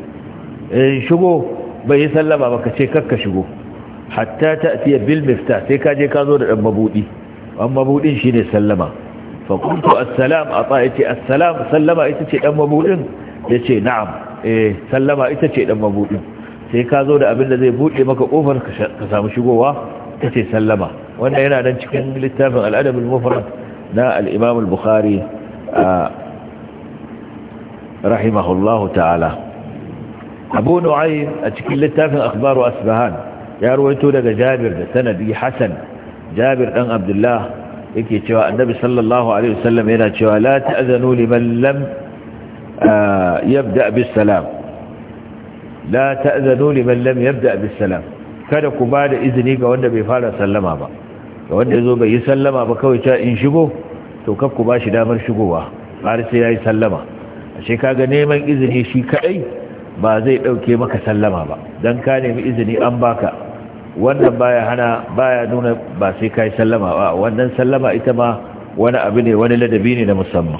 shigo bai yi sallama ba ka ce kakka shigo hatta ta fiye bil sai ka je ka zo da ɗan mabuɗi ɗan mabuɗin shi ne sallama faƙuntu assalam a ta ce assalam sallama ita ce ɗan mabuɗin ya ce na'am eh sallama ita ce ɗan mabuɗin sai ka zo da abin da zai buɗe maka ƙofar ka samu shigowa ta ce sallama Wannan yana nan cikin littafin al'adabin mufarar na al'imam al-bukhari rahimahullahu ta'ala abu nu'aym a cikin littafin akhbaru asbahan ya ruwaito daga jabir da sanadi hasan jabir dan abdullah yake cewa annabi sallallahu alaihi wasallam yana cewa la ta'zanu liman lam ah, yabda bis salam la ta'zanu liman lam yabda bis salam kada ku ba da izini ga wanda bai fara sallama ba ga wanda yazo bai yi sallama ba kawai ta in shigo to kar ku ba shi damar shigowa har sai yayi sallama ashe kaga neman izini shi kadai ba zai ɗauke maka sallama ba don ka nemi izini an baka wannan baya hana baya nuna ba sai ka yi sallama ba wannan sallama ita ma wani abu ne wani ladabi ne na musamman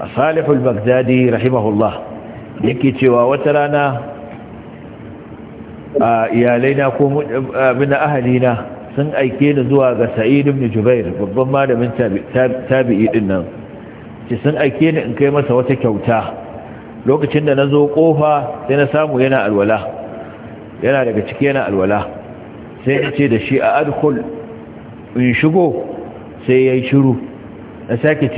a salihul bagdadi rahimahullah yake cewa wata rana a iyalaina ko abin ahalina sun aike ni zuwa ga sa'id ibn jubair babban malamin tabi'i din nan sun aike ni in kai masa wata kyauta lokacin da na zo kofa sai na samu yana alwala yana daga ciki yana alwala sai na ce da shi a adkhul in shigo sai ya yi shiru na sake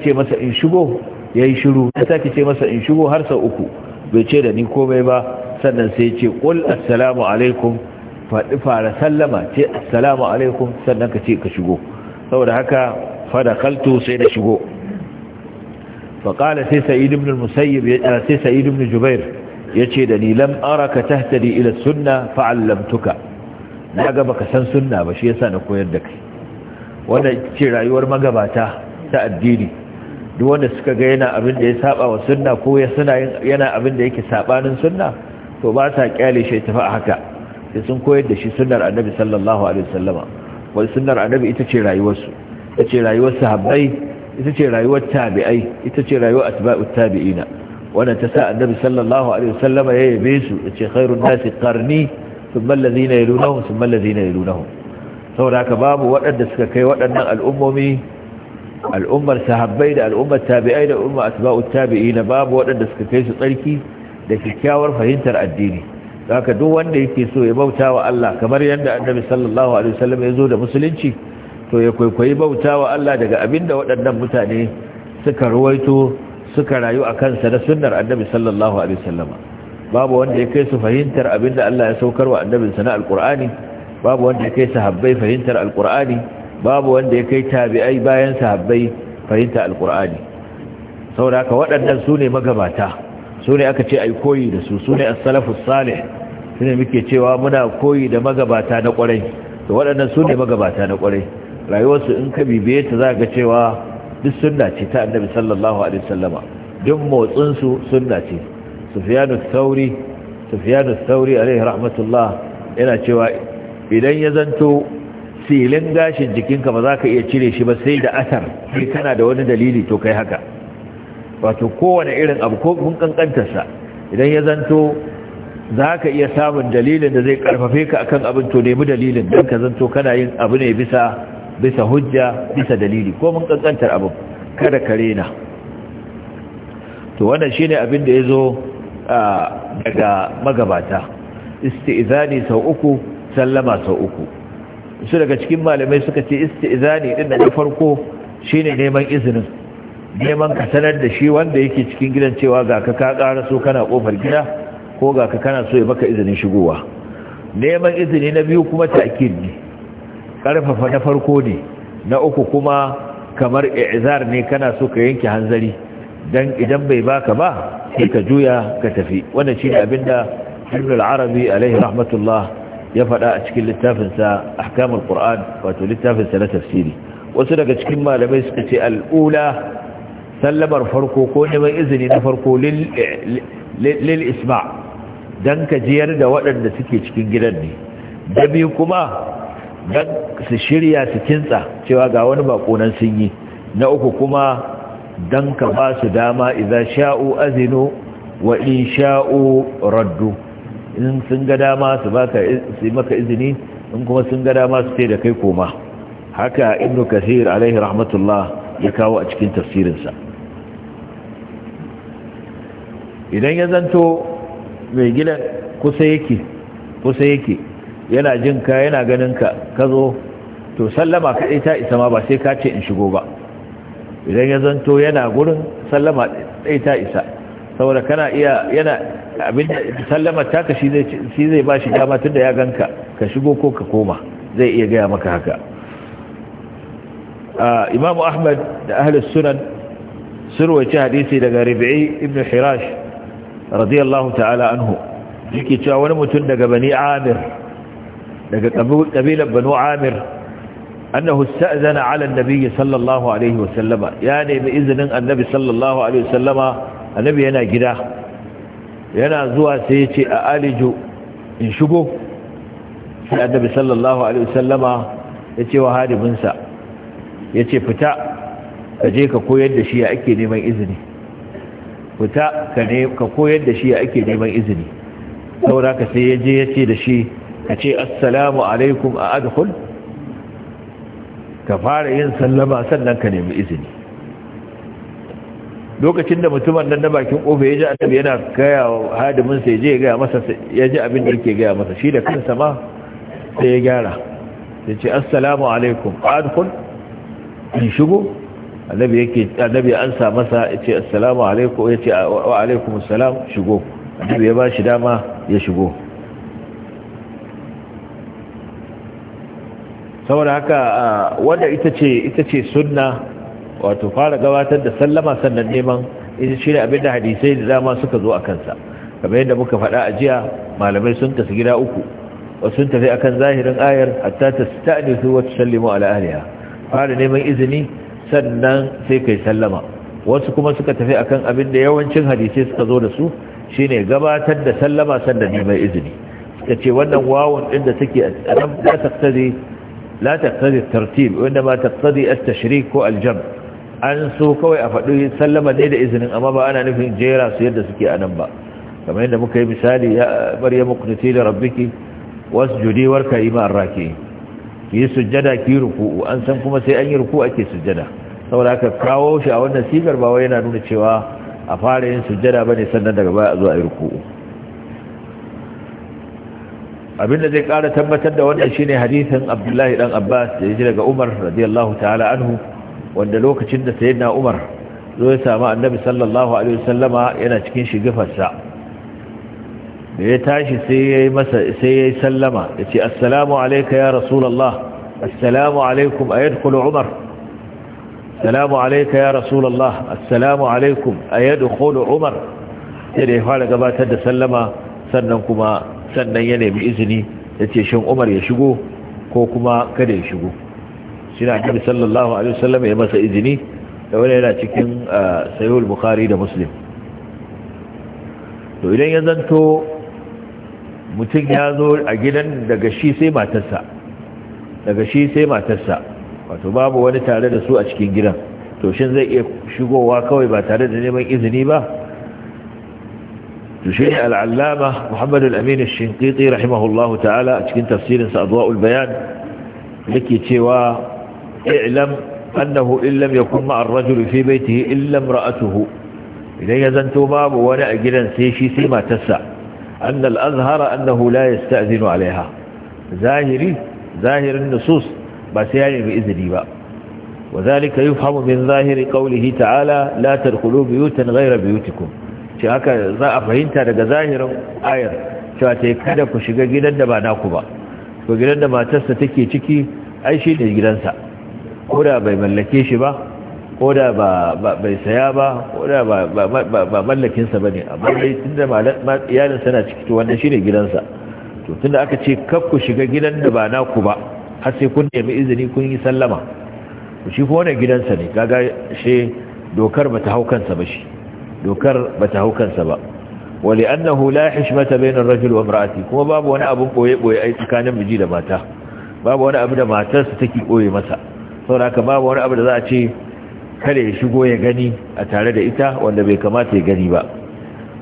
ce masa in shigo ya yi shiru na sake ce masa in shigo har sau uku bai ce da ni komai ba sannan sai ce ƙul assalamu alaikum faɗi fara sallama ce assalamu alaikum sannan ka ce ka shigo saboda haka fada kaltu sai na shigo faƙala sai sa'id ibn musayyib ya sai sa'id ibn jubair yace da ni lam araka tahtadi ila sunna fa'allamtuka na ga baka san sunna ba shi yasa na koyar da kai wannan ce rayuwar magabata ta addini duk wanda suka ga yana abin da ya saba wa sunna ko ya suna yana abin da yake sabanin sunna to basa ta kyale shi tafi a haka sai sun koyar da shi sunnar annabi sallallahu alaihi wasallama wani sunnar annabi ita ce rayuwarsu ita ce rayuwar sahabbai ita ce rayuwar tabi'ai ita ce rayuwar atba'ut tabi'ina wannan ta sa annabi sallallahu alaihi wasallama ya yabe su yace khairun nasi qarni thumma alladhina yalunahum thumma alladhina yalunahum saboda haka babu waɗanda suka kai waɗannan al'ummomi al'ummar sahabbai da al'ummar tabi'ai da umma atba'ut tabi'ina babu waɗanda suka kai su tsarki da kyakkyawar fahimtar addini haka duk wanda yake so ya bauta wa Allah kamar yadda annabi sallallahu alaihi wasallam ya zo da musulunci to ya kwaikwayi bauta wa Allah daga abinda waɗannan mutane suka ruwaito suka rayu a kansa na sunnar annabi sallallahu alaihi wasallama babu wanda ya kai su fahimtar abinda Allah ya saukar wa annabinsa na Alƙur'ani. babu wanda ya kai sahabbai fahimtar Alƙur'ani. babu wanda ya kai tabi'ai bayan sahabbai fahimtar Alƙur'ani. saboda haka waɗannan su ne magabata su ne aka ce ai koyi da su su ne as-salafus salih su ne muke cewa muna koyi da magabata na ƙwarai to waɗannan su ne magabata na ƙwarai rayuwarsu in ka bibiye ta za ga cewa duk sunna ce ta annabi sallallahu alaihi sallama duk motsinsu sunna ce sufyanu thauri sufyanu thauri alaihi rahmatullah yana cewa idan ya zanto silin gashin jikinka ba za ka iya cire shi ba sai da asar sai kana da wani dalili to kai haka wato kowane irin abu ko mun kankantarsa idan ya zanto za ka iya samun dalilin da zai karfafe ka akan abin to nemi dalilin don ka zanto kana yin abu ne bisa bisa hujja bisa dalili ko mun kankantar abin kada kare na to wannan shine abin da yazo daga magabata isti'zani sau uku sallama sau uku su daga cikin malamai suka ce isti'zani din da farko shine neman izinin neman ka sanar da shi wanda yake cikin gidan cewa ga ka ka ƙara so kana kofar gida ko ga ka kana so ya baka izinin shigowa neman izini na biyu kuma ta'kid ne ƙarfafa na farko ne na uku kuma kamar izar ne kana so ka yanke hanzari dan idan bai baka ba sai ka juya ka tafi wannan shine abinda Ibn al-Arabi alaihi rahmatullah ya faɗa a cikin littafin sa Ahkamul Qur'an wato littafin sa na tafsiri wasu daga cikin malamai suka ce al-ula sallamar farko ko neman izini na farko lil isma dan ka jiyar da waɗanda suke cikin gidan ne da biyu kuma don su shirya su kintsa cewa ga wani bakonan sun yi na uku kuma don ka ba su dama idan sha'u azinu wa in sha'u raddu in sun ga dama su maka izini in kuma sun ga dama su da kai koma haka ibnu kasir alaihi rahmatullah ya kawo a cikin tafsirinsa idan ya zanto mai gidan kusa yake kusa yake yana jin ka yana ganin ka ka zo to sallama kaɗai isa ma ba sai ka ce in shigo ba idan ya zanto yana gurin sallama ɗaita isa saboda kana iya yana abin sallama taka shi zai ba shi dama tun da ya ganka ka shigo ko ka koma zai iya gaya maka haka imamu ahmad da ahlus sunan surwaci hadisi daga rabi'i ibn hirash radiyallahu ta'ala anhu yake cewa wani mutum daga bani amir daga kabilar banu amir annahu sta'zana ala annabi sallallahu alaihi wa sallama ya nemi izinin annabi sallallahu alaihi wa sallama annabi yana gida yana zuwa sai ya ce a aliju in shigo sai annabi sallallahu alaihi wa sallama ya ce wa hadibinsa ya ce fita ka je ka koyar da shi ake neman izini fita ka koyar da shi ake neman izini saboda ka sai ya je ya ce da shi ka ce assalamu alaikum a adhul ka fara yin sallama sannan ka nemi izini lokacin da mutumin nan na bakin kofa ya ji annabi yana gaya wa hadimin sai je ya gaya masa ya ji abin da yake gaya masa shi da kansa ma sai ya gyara ya ce assalamu alaikum adkhul in shigo annabi yake annabi an sa masa ya ce assalamu alaikum ya ce wa alaikum assalam shigo annabi ya ba shi dama ya shigo saboda haka wanda ita ce sunna wato fara gabatar da sallama sannan neman ita shi ne da hadisai da dama suka zo a kansa kamar yadda muka faɗa a jiya malamai sun tafi gida uku wasu sun tafi akan zahirin ayar hatta ta sta'nisu wa tusallimu ala ahliha fara neman izini sannan sai kai sallama wasu kuma suka tafi akan abin da yawancin hadisai suka zo da su shine gabatar da sallama sannan neman izini suka ce wannan wawun din da take a nan ta la taqtadi tartib wanda ba taqtadi at-tashrik ko al-jam an so kawai a faɗi sallama dai da izinin amma ba ana nufin jera su yadda suke a nan ba kamar yadda muka yi misali ya maryamu qunti li rabbiki wasjudi warka ima arraki ki sujjada ki ruku'u an san kuma sai an yi ruku'u ake sujada saboda haka kawo shi a wannan sigar ba yana nuna cewa a fara yin sujada ba ne sannan daga baya a zo a yi ruku'u abinda zai kara tabbatar da wannan shine hadisin abdullahi dan abbas da yaji daga umar radiyallahu ta'ala anhu wanda lokacin da sayyidina umar zo ya samu annabi sallallahu alaihi wasallama yana cikin shigifarsa da ya tashi sai yayi masa sai yayi sallama yace assalamu alayka ya rasulullah assalamu alaykum ayadkhulu umar assalamu alayka ya rasulullah assalamu alaykum ayadkhulu umar sai ya fara gabatar da sallama sannan kuma sannan ya nemi izini ya ce shin umar ya shigo ko kuma kada ya shigo shi na annabi sallallahu alaihi wasallam ya masa izini da wani yana cikin sayuwar bukari da muslim to idan ya zanto mutum ya zo a gidan daga shi sai matarsa daga shi sai matarsa wato babu wani tare da su a cikin gidan to shin zai iya shigowa kawai ba tare da neman izini ba تشيني العلامة محمد الأمين الشنقيطي رحمه الله تعالى أتكين تفسير سأضواء البيان لكي تيوى اعلم أنه إن لم يكن مع الرجل في بيته إلا امرأته إذن يزنتوا باب أجلا سيشي سيما تسع أن الأظهر أنه لا يستأذن عليها ظاهري ظاهر النصوص بس يعني بإذن بقى وذلك يفهم من ظاهر قوله تعالى لا تدخلوا بيوتا غير بيوتكم ce haka za a fahimta daga zahirin ayar cewa ta kada ku shiga gidan da ba naku ba ko gidan da matarsa take ciki ai shi ne gidansa ko da bai mallake shi ba ko da bai saya ba ko da ba mallakinsa ba ne amma dai tun da iyalinsa na ciki to wannan shi ne gidansa to tun da aka ce kaf ku shiga gidan da ba naku ba har sai kun nemi izini kun yi sallama shi ko wani gidansa ne kaga shi dokar ba ta hau kansa ba shi dokar ba ta kansa ba wali annahu la hishmata bainar rajul wa imraati kuma babu wani abu boye boye ai tsakanin miji da mata babu wani abu da matarsa take boye masa saboda babu wani abu da za a ce kada ya shigo ya gani a tare da ita wanda bai kamata ya gani ba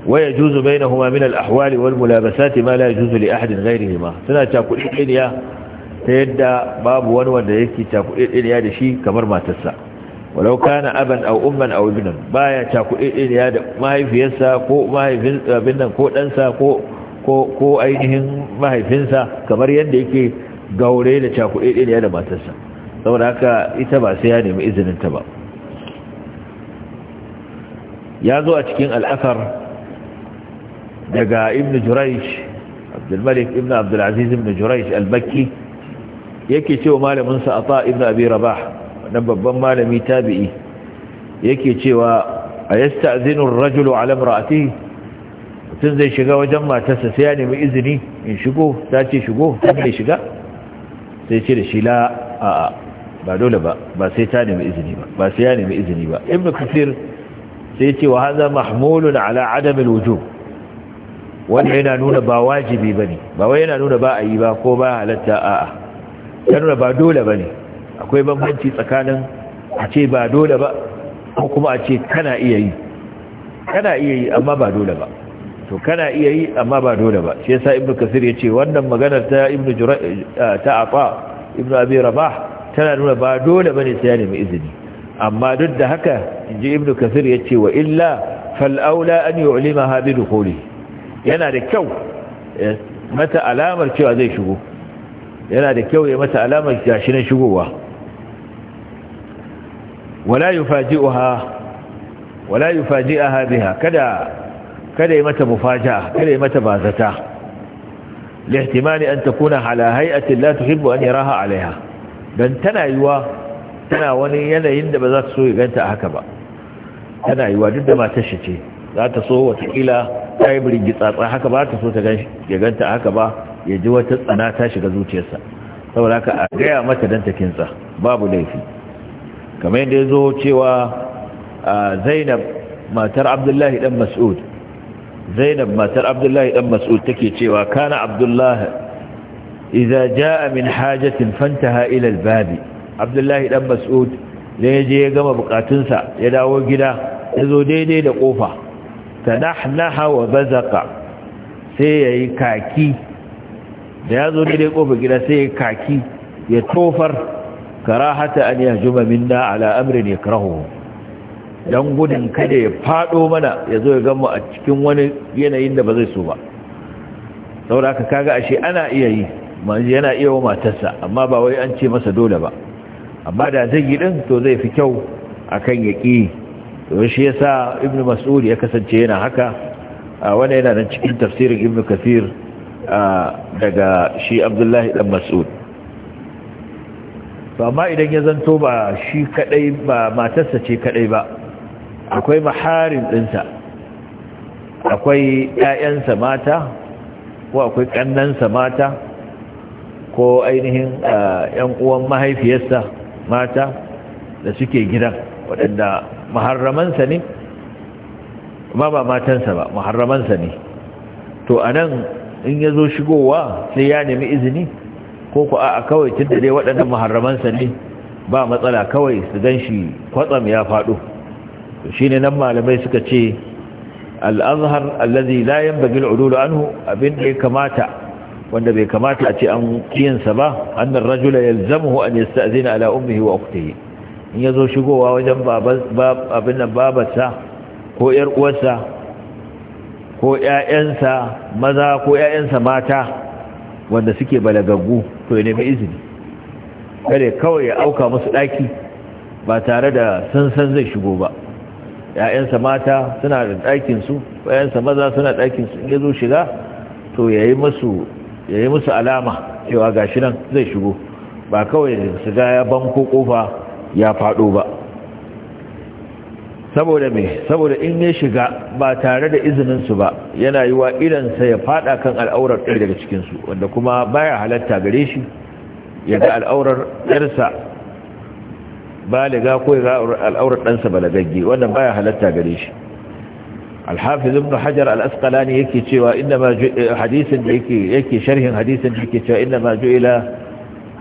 waya juzu bainahuma min al-ahwali wal mulabasati ma la yajuzu li ahadin ghayrihima suna ta kudi ta yadda babu wani wanda yake ta kudi da shi kamar matarsa walau kana aban au umman au ibnan baya ta ku ya da mahaifiyarsa ko mahaifin abin nan ko ɗansa ko ko ko ainihin mahaifinsa kamar yadda yake gaure da ta ku ya da matarsa saboda haka ita ba sai ya nemi izinin ta ba ya zo a cikin alakar daga ibn juraish abdulmalik malik ibn abdul aziz ibn juraish al yake cewa malaminsa a ata ibn abi rabah na babban malami tabi'i yake cewa a yasta'zinu ar-rajulu 'ala imra'atihi mutum zai shiga wajen matarsa sai ya nemi izini in shigo ta ce shigo ta ce shiga sai ce da shi la a ba dole ba ba sai ta nemi izini ba ba sai ya nemi izini ba Ibn kathir sai ce wa hadha mahmulun ala adam al-wujub wanda yana nuna ba wajibi ba ne ba wai yana nuna ba a yi ba ko ba halatta a'a ta nuna ba dole ba ne. akwai bambanci tsakanin a ce ba dole ba ko kuma a ce kana iya yi kana iya yi amma ba dole ba to kana iya yi amma ba dole ba shi yasa ibnu kasir yace wannan maganar ta ibnu eh, ta afa ibnu abi rabah tana nuna ba dole bane sai ya nemi izini amma duk da haka inji ibnu kasir yace wa illa fal aula an yu'limaha bi dukhuli yana da kyau mata alamar cewa zai shigo yana da kyau ya mata alamar gashi na shigowa wala yufaji'uha wala yufaji'aha biha kada kada mata mufaja'a kada mata bazata lihtimali an takuna ala hay'atin la tuhibbu an yaraha alaiha dan tana yiwa tana wani yanayin da ba za ta so ya ganta haka ba tana yiwa duk da matar shi ce za ta so watakila ta yi birgitsatsa haka ba ta so ta ya ganta haka ba ya ji wata tsana ta shiga zuciyarsa saboda haka a gaya mata dan ta kintsa babu laifi kamar yadda ya zo cewa zainab matar abdullahi dan mas'ud zainab matar abdullahi dan mas'ud take cewa kana abdullahi idza jaa min hajatin fantaha ila albab abdullahi dan mas'ud da je ya gama sa ya dawo gida yazo daidai da kofa tanahnaha wa bazaqa sai yayi kaki da yazo daidai kofa gida sai yayi kaki ya tofar karahata an yahjuma minna ala amrin yakrahu dan gudun kada ya fado mana ya zo ya gama a cikin wani yanayin da ba zai so ba saboda haka kaga ashe ana iya yi manzi yana iya wa matarsa amma ba wai an ce masa dole ba amma da zai yi ɗin to zai fi kyau akan yaki to shi yasa ibnu mas'ud ya kasance yana haka wani yana nan cikin tafsirin ibnu kathir daga shi abdullahi Ɗan mas'ud to amma idan ya zanto ba shi kadai ba matarsa ce kadai ba akwai maharin dinsa akwai ƴaƴansa mata ko akwai kannansa mata ko ainihin ƴan uwan mahaifiyarsa mata da suke gidan waɗanda maharramansa ne ma ba matansa ba maharramansa ne to anan in ya zo shigowa sai ya nemi izini ko ku a kawai tunda dai waɗannan maharramansa ne ba matsala kawai su gan shi kwatsam ya faɗo shi ne nan malamai suka ce al'azhar allazi layan bagil Ululu anhu abin da ya kamata wanda bai kamata a ce an kiyansa ba annan rajula yalzamuhu an yasta'zina ala ummihi wa ukhtihi in zo shigowa wajen abin nan babarsa ko yar uwarsa ko ƴaƴansa maza ko yayansa mata wanda suke balagaggu to ne nemi izini kare kawai ya auka musu ɗaki ba tare da sansan zai shigo ba ‘ya'yansa mata suna da su ‘ya'yansa maza suna dakin in yazo zo shiga to ya yi musu alama cewa gashi nan zai shigo ba kawai su ga ya banko ƙofa ya faɗo ba saboda me saboda in ya shiga ba tare da izinin su ba yana yiwa idansa ya fada kan al'aurar ɗaya daga cikin su wanda kuma baya halatta gare shi ya ga al'aurar ɗarsa baliga ko ya al'aurar ɗansa ba balagagge wannan baya halatta gare shi alhafiz ibn hajar al-asqalani yake cewa inda ma eh, hadisin da yake yake sharhin hadisin da yake cewa inda ma ju'ila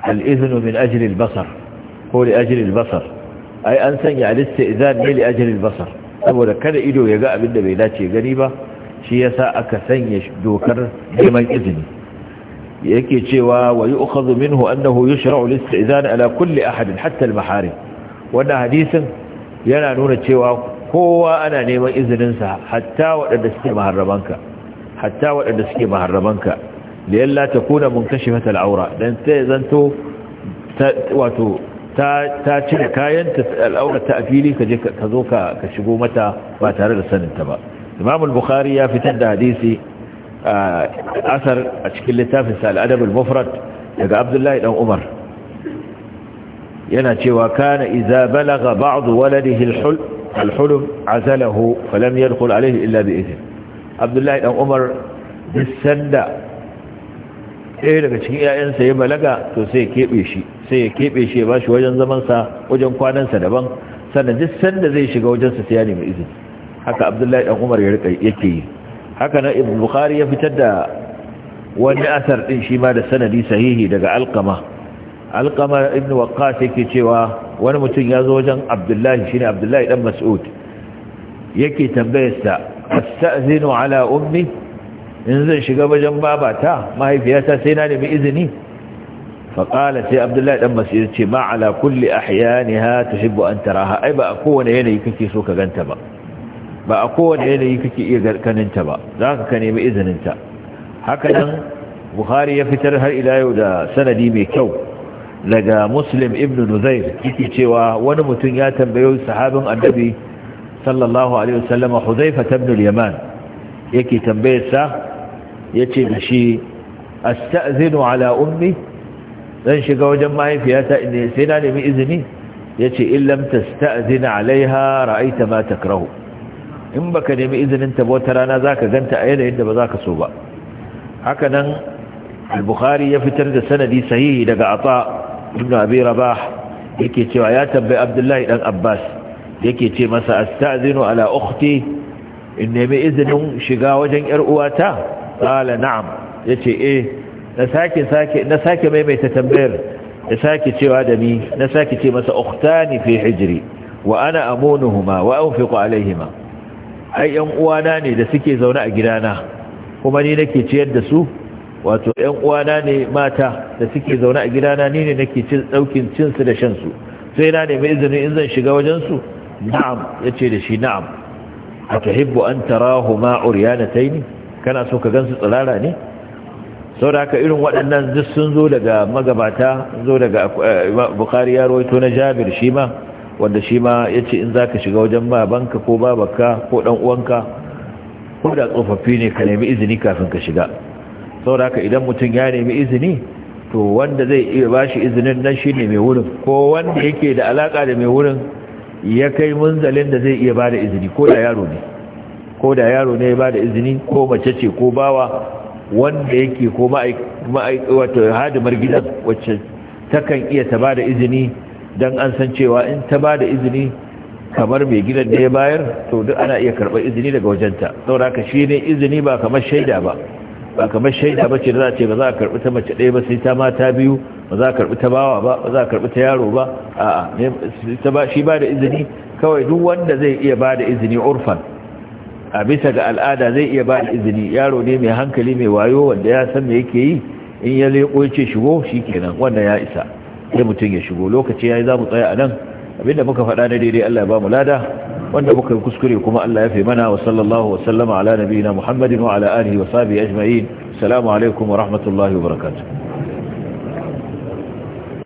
al-iznu min ajli al-basar ko li ajli al-basar ai an sanya al idan ne li basar saboda kada ido ya ga abin da bai dace gani ba shi yasa aka sanya dokar neman izini yake cewa wa yu'khadhu minhu annahu yushra'u al ala kulli ahad hatta al-maharim wannan hadisin yana nuna cewa kowa ana neman izinin sa hatta wadanda suke maharramanka hatta wadanda suke maharramanka liyalla takuna munkashifat al-awra dan sai zanto wato ta cire kayanta ta al'aurata a fili ka je ka zo ka shigo mata ba tare da saninta ba imamul bukhari ya fitar da hadisi asar a cikin littafin sa al mufrad daga abdullahi dan umar yana cewa kana idza balagha ba'd waladihi al azalahu falam yadkhul alayhi illa bi idhn abdullahi dan umar disanda. ɗaya daga cikin 'ya'yansa ya balaga to sai ya keɓe shi sai ya keɓe shi ya bashi wajen zamansa wajen kwanansa daban sannan duk sanda zai shiga wajensa sai ya nemi izini haka abdullahi ɗan umar yake yi haka na ibn bukhari ya fitar da wani asar ɗin shi ma da sanadi sahihi daga alkama alkama ibn waqqas yake cewa wani mutum ya zo wajen abdullahi shine abdullahi dan mas'ud yake tambayarsa astazinu ala ummi in zan shiga wajen babata mahaifiyata sai na nemi izini faƙala sai abdullahi ɗan masir ce ma ala kulli ahyani ha ta hibbu an taraha ai ba a kowane yanayi kake so ka ganta ba ba a kowane yanayi kake iya ganinta ba za ka ka nemi izininta haka nan buhari ya fitar har ila yau da sanadi mai kyau daga muslim ibn nuzair yake cewa wani mutum ya tambayo sahabin annabi sallallahu alaihi wasallama huzaifa ibn yaman yake tambayar sa yace mishi asta'zinu ala ummi zan shiga wajen mahaifiyata inda sai na nemi izini yace in lam tasta'zin alaiha ra'aita ma takrahu in baka nemi izinin ta ba wata rana zaka ganta a yanayin da ba ka so ba haka nan al-bukhari ya fitar da sanadi sahihi daga ata ibn abi rabah yake cewa ya tambayi abdullahi dan abbas yake ce masa asta'zinu ala ukhti in nemi izinin shiga wajen yar uwata qala na'am yace eh na sake na sake maimaita tambayar ya sake cewa da ni na sake ce masa ukhtani fi hijri wa ana amunuhuma wa anfiqu alaihima ai yan uwana ne da suke zaune a gidana kuma ni nake ciyar da su wato yan uwana ne mata da suke zaune a gidana ni ne nake ɗaukin cinsu da shansu sai na nemi izinin in zan shiga wajensu na'am ya yace da shi na'am atahibbu an tarahuma ne. kana so ka gansu tsirara ne sau da haka irin waɗannan duk sun zo daga magabata zo daga eh, bukari ya roito na jabir shi ma wanda shi ma ya ce in za ka shiga wajen babanka ko babaka ko ɗan'uwanka ko da tsofaffi ne ka nemi izini kafin ka shiga sau da haka idan mutum ya nemi izini to wanda zai iya ba shi izinin nan shi ne mai wurin ko wanda yake da alaƙa da mai wurin ya kai munzalin da zai iya ba da izini ko da yaro ne ko da yaro ne ba da izini ko mace ce ko bawa wanda yake ko wato hadimar gidan wacce takan iya ta ba da izini don an san cewa in ta ba da izini kamar mai gidan da ya bayar to duk ana iya karɓar izini daga wajenta saboda ka shi ne izini ba kamar shaida ba ba kamar shaida ba ce da za ce ba za a karɓi ta mace ɗaya ba sai ta mata biyu ba za a karɓi ta bawa ba ba za a karɓi ta yaro ba a'a shi ba da izini kawai duk wanda zai iya ba da izini urfan a bisa ga al'ada zai iya ba izini yaro ne mai hankali mai wayo wanda ya san me yake yi in ya leko ya ce shigo shi kenan wanda ya isa sai mutum ya shigo lokaci ya yi za mu tsaya a nan abinda muka faɗa na daidai Allah ya ba mu lada wanda muka yi kuskure kuma Allah ya fi mana wa sallallahu wa sallama ala nabiyina Muhammadin wa ala alihi wa sahbihi ajma'in assalamu alaikum wa rahmatullahi wa barakatuh